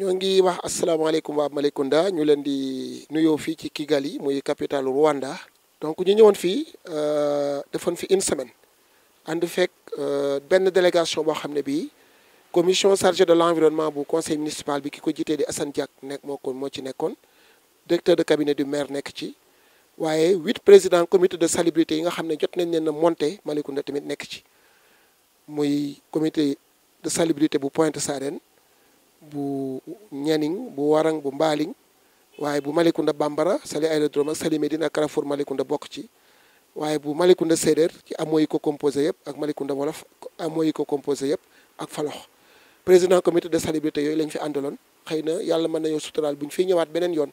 ñoo ngi wax asalaamaaleykum waa Malekounda ñu leen di nuyoo fii ci Kigali muy capitale Rwanda. donc ñu ñëwoon fii euh, defoon fi une semaine ànd fekk euh, benn délégation boo xam ne bii commission chargée de l' environnement bu conseil municipal bi ki ko jiitee di Assane Diack nekk moo ko moo ci nekkoon directeur de cabinet du maire nekk ci. waaye huit président comité de salubrité yi nga xam ne jot nañ leen a monté Malicounda tamit nekk ci muy comité de salubrité bu Pointe Sarène bu Nianing bu Warang bu Mbaling waaye bu Malicounda Bambara Saly aérodrome ak Saly Médine ak Carrefour Malicounda bokk ci waaye bu Malicounda séeréer ci amoo yi ko composé yëpp ak Malicounda wolof amoo yi ko composé yëpp ak falox président comité de salubrité yooyu lañ fi àndaloon xëy na yàlla mën nañoo suturaal bu ñu fiy ñëwaat yoon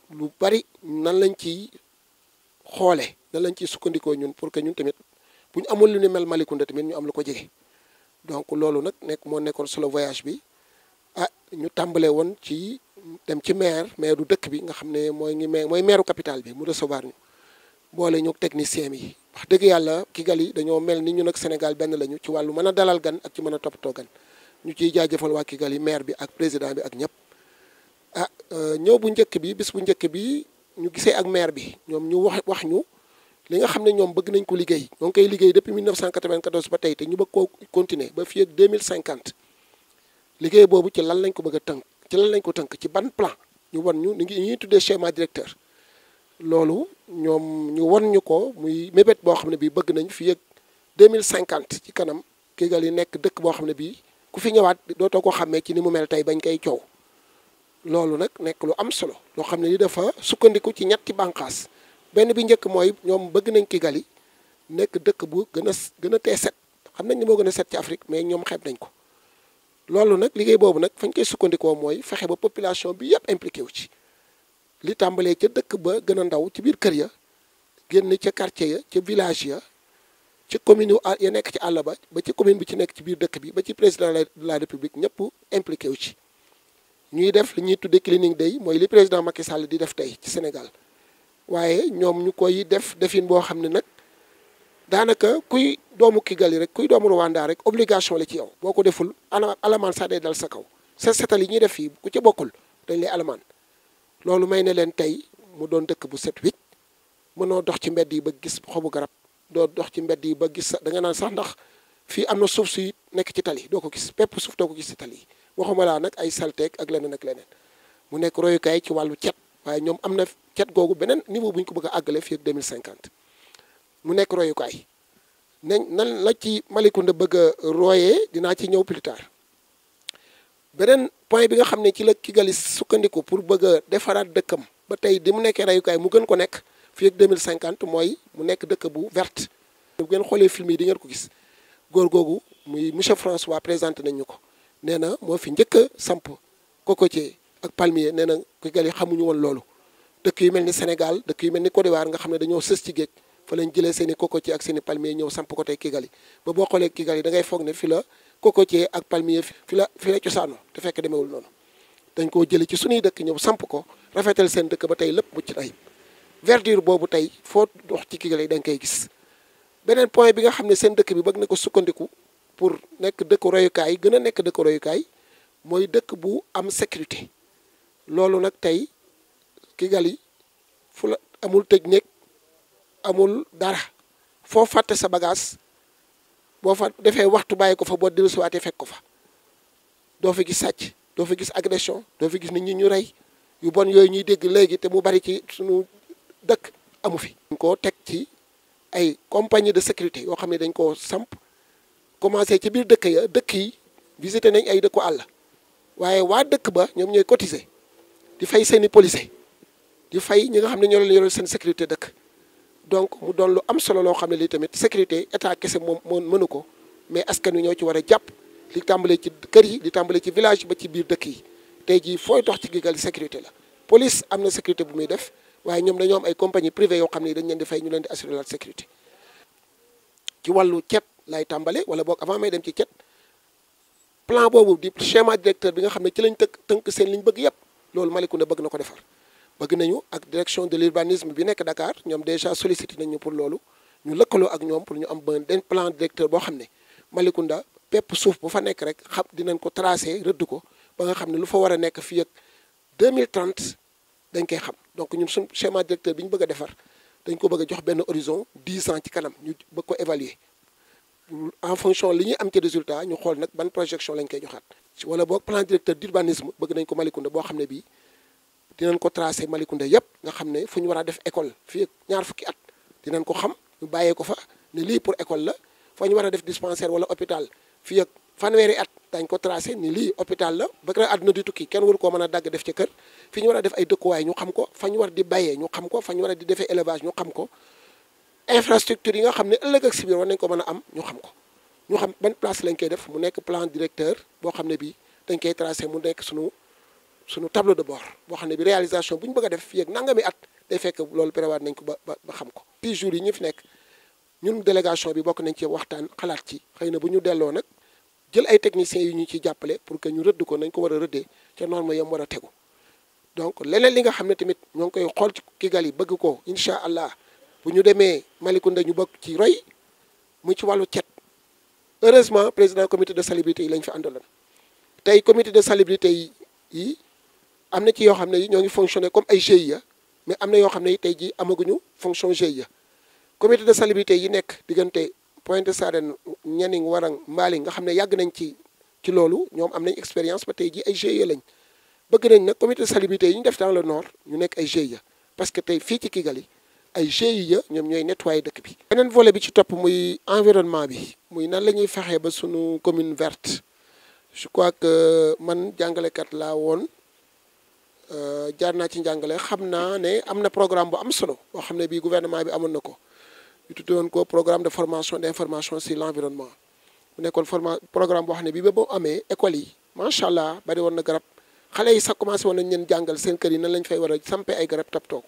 lu bari nan lañ ciy xoolee nan lañ ciy sukkandikoo ñun pour que ñun tamit bu ñu amoon lu ne mel Malicounda tamit ñu am lu ko jege donc loolu nag nekk moo nekkoon solo voyage bi ah ñu tàmbalee woon ci dem ci maire maire du dëkk bi nga xam ne mooy ngi maire mooy maireu capitale bi mu recevoir ñu boole ñu technicien yi wax dëgg yàlla yi dañoo mel ni ñu nag Sénégal benn lañu ci wàllu mën a dalal gan ak ci mën a toppatoo gan ñu ciy jaajëfal waa Kigali maire bi ak président bi ak ñëpp. Euh, ñëw bu njëkk bi bis bu njëkk bi ñu gisee ak maire bi ñoom ñu wax wax ñu li nga xam ne ñoom bëgg nañ ko liggéey ñoo ngi koy liggéey depuis 1994 ba tey te ñu bëgg koo continuer ba fii ak 2050 liggéey boobu ci lan lañ ko bëgg a tënk ci lan lañ ko tënk ci ban plan ñu wan ñu ñu ngi tuddee schéma directeur loolu ñoom ñu wan ñu ko muy mébét boo xam ne bii bëgg nañ fii ak 2050 ci kanam yi nekk dëkk boo xam ne bii ku fi ñëwaat dootoo ko xàmmee ci ni mu mel tey bañ koy coow loolu nag nekk lu am solo loo xam ne li dafa sukkandiku ci ñetti bànqaas benn bi njëkk mooy ñoom bëgg nañ ki gali nekk dëkk bu gën a gën a tee set xam nañ ni moo gën a set ci Afrique mais ñoom xeeb nañ ko loolu nag liggéey boobu nag fañ koy sukkandikoo mooy fexe ba population bi yëpp impliqué wu ci li tàmbalee ca dëkk ba gën a ndaw ci biir kër ya génn ca quartier ya ca village ya ci commune ya nekk ci àll ba ba ci commune bi ci nekk ci biir dëkk bi ba ci président de la république ñëpp impliqué wu ci ñuy def li ñuy tudde cleaning day mooy li président Macky Sall di def tey ci Sénégal waaye ñoom ñu koy def defin boo xam ne nag daanaka kuy doomu Kigali rek kuy doomu Rwanda rek obligation la ci yow boo ko deful ala alamaan sax day dal sa kaw sa setal yi ñuy def fii ku ci bokkul dañ lay alamaan loolu may ne leen tey mu doon dëkk bu set wicc mënoo dox ci mbedd yi ba gis xobu garab doo dox ci mbedd yi ba gis da danga naan sax ndax fii am na suuf suy nekk ci tali doo ko gis pepp suuf ko gis ci tali waxuma laa nag ay salteeg ak leneen ak leneen mu nekk royukaay ci wàllu cet waaye ñoom am na cet googu beneen niveau bu ñu ko bëgg a àggale fii ak 2050 mu nekk royukaay na nan la ci Malicounda bëgg a royee dinaa ci ñëw plus beneen point bi nga xam ne ci la Kigali sukkandiku pour bëgg a defaraat dëkkam ba tey di mu nekkee royukaay mu gën ko nekk fii ak cinquante mooy mu nekk dëkk bu verte bu ngeen xoolee film yi di ngeen ko gis góor googu muy monsieur François présenté nañ ñu ko nee na moo fi njëkk a samp cocotier ak palmier nee na yi xamuñu woon loolu dëkk yu mel ni Sénégal dëkk yu mel ni Côte nga xam ne dañoo sës ci géej fa lañ jëlee seeni i cocotier ak seeni i palmier ñëw samp ko tey Kigali ba boo xoolee Kigali yi dangay foog ne fi la cocotier ak palmier fi la fi la cosaano te fekk demewul noonu dañ koo jële ci suñuy dëkk ñëw samp ko rafetal seen dëkk ba tey lépp mucc ayib verdure boobu tey foo dox ci Kigali yi nga koy gis beneen point bi nga xam ne seen dëkk bi bëgg na ko sukkandiku pour nekk dëkk royukaay gën a nekk dëkk royukaay mooy dëkk bu am sécurité loolu nag tey Kigali fu la amul tëj nekk amul dara foo fàtte sa bagage boo fa defee waxtu bàyyi ko fa boo dellusiwaatee fekk ko fa doo fi gis sàcc doo fi gis agression doo fi gis nit ñi ñu rey yu bon yooyu ñuy dégg léegi te mu bari ci suñu dëkk amu fi. dañ koo teg ci ay compagnie de sécurité yoo xam ne dañ koo samp commencé ci biir dëkk ya dëkk yi visité nañ ay dëkku àll waaye waa dëkk ba ñoom ñooy cotiser di fay seen i policier di fay ñi nga xam ne ñoo leen yoreel seen sécurité dëkk donc mu doon lu am solo loo xam ne lii tamit sécurité état kese moom moo mënu ko mais askan wi ñoo ci war a jàpp li tàmbalee ci kër yi di tàmbalee ci village ba ci biir dëkk yi tey jii fooy dox ci gigal sécurité la police am na sécurité bu muy def waaye ñoom dañoo am ay compagnie privé yoo xam ne dañ leen di fay ñu leen di assurer la sécurité ci wàllu ceeb lay tambalé wala bok avant may dem ci ket plan bobu di schéma directeur bi nga xamné ci lañ tënk teunk seen liñ bëgg yëpp loolu Malicounda bëgg na ko bëgg nañu ak direction de l'urbanisme bi nek Dakar ñom déjà sollicité nañu pour loolu ñu lekkalo ak ñom pour ñu am benn plan directeur bo xamné ne Malicounda pépp suuf bu fa nek rek xam dinañ ko tracer redd ko ba nga xamné ne lu fa war a nekk ak 2030 dañ koy xam donc ñun schéma directeur biñ bëgg défar dañ ko bëgg jox ben horizon 10 ans ci kanam ñu bëgg ko évaluer en fonction li ñuy am ci résultat ñu xool nag ban projection lañ koy ñoxaat wala boog plan directeur d'urbanisme bëgg nañ ko Malicounda boo xam ne bii dinañ ko tracé Malicounda yëpp nga xam ne fu ñu war a def école fii ñaar fukki at dinañ ko xam ñu bàyyee ko fa ne lii pour école la fa ñu war a def dispensaire wala hôpital fii ak fanweeri at dañ ko tracé ni lii hôpital la ba kër àdduna di tukki kenn waru koo mën a dagg def ca kër fi ñu war a ay dëkkuwaay ñu xam ko fa war di bayee ñu xam ko fa war a di defee élevage ñu xam ko infrastructure yi nga xamné ëlëk ak sibir war nañ ko mëna am ñu xam ko ñu xam ban place lañ koy def mu nekk plan directeur bo xamné bi dañ koy tracer mu nekk sunu sunu tableau de bord bo xamné bi réalisation bu bëgg def fii ak nangami at day fekk loolu prévoir nañ ko ba xam ko. six jours yi ñu fi nekk ñun délégation bi bokk nañ ci waxtaan xalaat ci xëyna na bu ñu delloo nag jël ay techniciens yu ñu ci jàppale pour que ñu rëdd ko nañ ko war a rëddee ca norme yam war a tegu donc leneen li nga xam ne tamit ñoo ngi koy xool ci kigal yi bëgg ko incha allah. bu ñu demee Malicounda ñu bokk ci roy mu ci wàllu cet heureusement président comité de salubrité yi lañ fi àndaloon tey comité de salubrité yi am na ci yoo xam ne yi ñoo ngi fonctionné comme ay GIE mais am na yoo xam ne tey jii amaguñu fonction GIE comité de salubrité yi nekk diggante point Pointe Sarène Nianing Warang Mbaling nga xam ne yàgg nañ ci ci loolu ñoom am nañ expérience ba tey jii ay GIE lañ bëgg nañ nag comité de salubrité yi ñu def dans le nord ñu nekk ay GIE parce que tey fii ci Kigali ay GIE ñoom ñooy nettoyer dëkk bi. beneen volet bi ci topp muy environnement bi muy nan la ñuy fexee ba sunu commune verte je crois que man jàngalekat laa woon euh, jaar naa ci njàngale xam naa ne am na programme bu am solo boo xam ne bii gouvernement bi amoon na ko ñu woon ko programme de formation d' information sur l' environnement mu nekkoon forma programme boo ne bii ba boo amee école yi macha allah bari woon na garab xale yi sax commencé woon nañ leen jàngal seen kër yi nan lañ fay war sampe ay garab toppatoo ko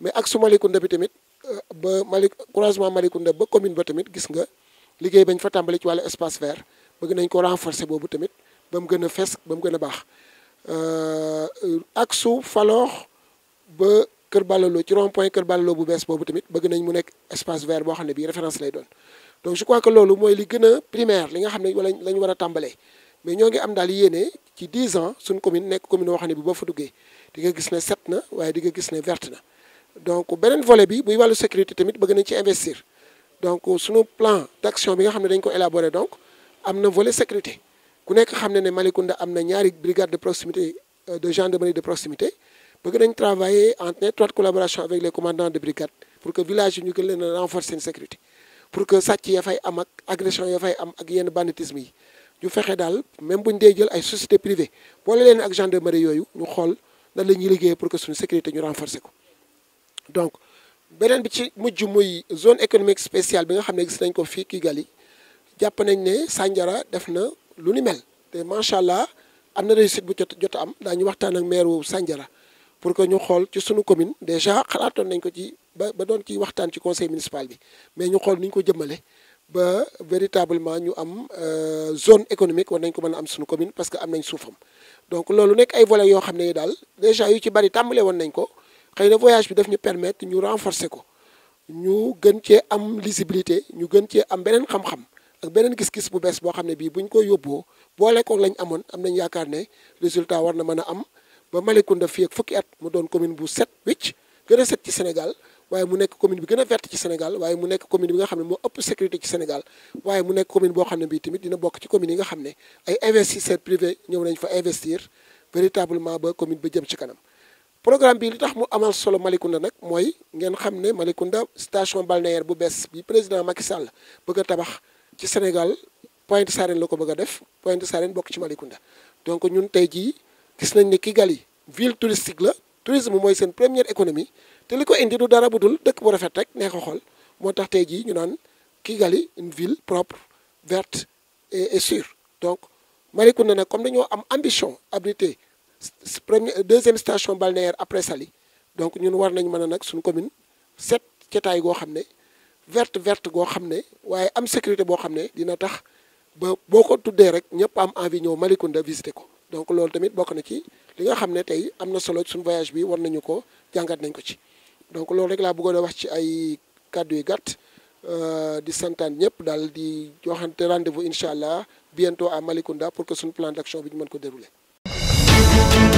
mais ak su Malicounda bi tamit euh, ba Mali croisement Malicounda ba commune ba tamit gis nga liggéey bañ fa tàmbali ci wàllu espace vert bëgg nañ ko renforcer boobu tamit ba mu gën a fes ba mu gën a baax euh, ak su Faloox ba Kër Balalo ci rond point Kër bu bees boobu tamit bëgg nañ mu nekk espace vert boo xam ne bii référence lay doon donc je que loolu mooy li gën a primaire li nga xam ne wala la a tàmbalee mais ñoo ngi am daal yéene ci 10 ans suñ commune nekk commune boo xam ne bi boo fa duggee di nga gis ne set na waaye di nga gis ne verte na donc beneen volet bi avons wàllu sécurité tamit de investir donc nos plan d'action bi nous avons dañ donc un volet sécurité ku avons xam brigade de proximité euh, de gendarmerie de proximité nous travaillons travailler en étroite collaboration avec les commandants de brigade pour que village nous ñu la sécurité pour que ça qui fay am agression y fay am ak banditisme nous ñu même buñ nous jël ay société privée pour les ak gendarmerie yooyu ñu xool nan pour que suñu sécurité ñu renforcer donc benen bi ci mujju muy zone économique spéciale bi nga xamné ne gis nañ ko fii Kigali japp nañ né Sandiara def na lu ni mel te macha allah am réussite bu jot am da ñu waxtaan ak maire wu Sandiara pour que ñu xol ci suñu commune déjà xalaatoon nañ ko ci ba doon ci waxtaan ci conseil municipal bi mais ñu xol ni ñu ko jëmale ba véritablement ñu am euh, zone économique war nañ ko mëna am suñu commune parce que am nañ soufam donc lolu nek ay volets yo xamné dal déjà yu ci bari tambalé won nañ ko xëy voyage bi daf ñu permettre ñu renforcer Nous ñu gën cee am lisibilité ñu gën cee am beneen xam-xam ak beneen gis-gis bu bees boo xam nous buñ ko yóbboo boole ko lañ amoon am nañ yaakaar ne résultat war na am ba ak commune bu set wicc gën set ci Sénégal waaye mu nekk commune bi gën verte ci Sénégal waaye mu nekk commune bi nga xam ne moo sécurité ci Sénégal commune boo xam ne tamit commune nga xam ay investisseurs privés ñëw fa investir véritablement ba commune ba jëm ci kanam programme bi li tax mu amal solo malikunda nak moy ngeen xamne malikunda station balnéaire bu bees bi président Macky Sall bëgg tabax ci Sénégal Pointe Sarène lako bëgg def Pointe Sarène bok ci malikunda donc ñun tey jii gis nañ ne Kigali ville touristique la tourisme moy sen première économie té liko indi du dara bu dul dëkk bu rafet rek nee xol motax moo ñu naan Kigali une ville propre verte et sûre donc malikunda nak comme dañoo am ambition abrité première deuxième station balnéaire après Saly donc ñun war nañ mën a nag suñu commune cette cetaay go xam verte verte go xam ne am sécurité go xam dina tax ba boo ko tuddee rek ñëpp am envie ñëw Malicounda visiter ko donc loolu tamit beaucoup na ci li nga xam tay, tey am na solo suñu voyage bi war nañu ko jàngat nañ ko ci donc loolu rek laa bëggoon a wax ci ay kàddu yu gàtt euh, di santaan ñëpp daal di joxante rendez-vous inshallah, bientôt à Malicounda pour que suñu plan d'action bi ñu mën ko dérouler Thank you.